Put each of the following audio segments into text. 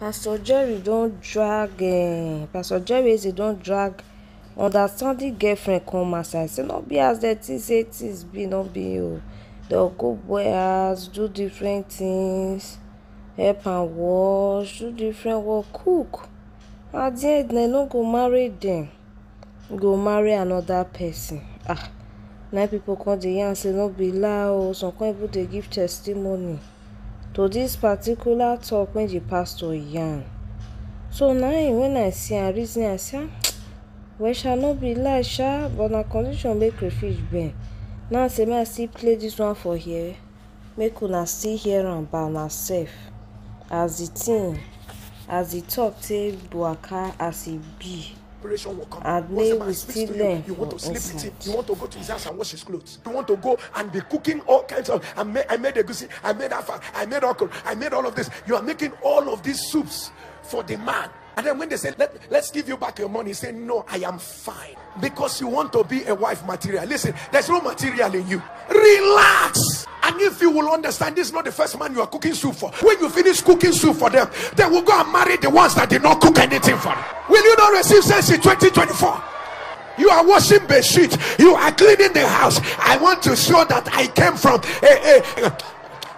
pastor jerry don drag um pastor jerry eze don drag understanding girlfriend come outside say no be as dem think say things be no be o dem go boy house do different things help and wash do different work cook at the end dem no go marry them, go marry another person ah nine people come dey yarn say no be loud. o some come even dey give testimony to this particular talk when the pastor yarn so now when i see am reason I say ah, well shall not be lie sha but na condition make crayfish bend now say may i still play this one for here make una see here and by myself, as the thing as the talk take waka as it e be. inspiration will come. Adley will speak to you. You want to oh, sleep oh, with him. Oh. You want to go to his house and wash his clothes. You want to go and be cooking all kinds of. I made, I made I made afa. I made okra. I made all of this. You are making all of these soups for the man. And then when they say, Let, let's give you back your money, say, no, I am fine. Because you want to be a wife material. Listen, there's no material in you. Relax you will understand this is not the first man you are cooking soup for. When you finish cooking soup for them, they will go and marry the ones that did not cook anything for them. Will you not receive sense in 2024? You are washing the sheet. You are cleaning the house. I want to show that I came from. Hey, hey,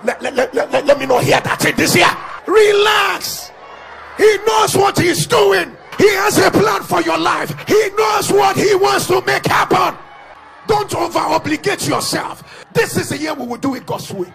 let, let, let, let, let me not hear that in this year. Relax. He knows what he's doing. He has a plan for your life. He knows what he wants to make happen. Don't over obligate yourself. This is the year we will do it God's way.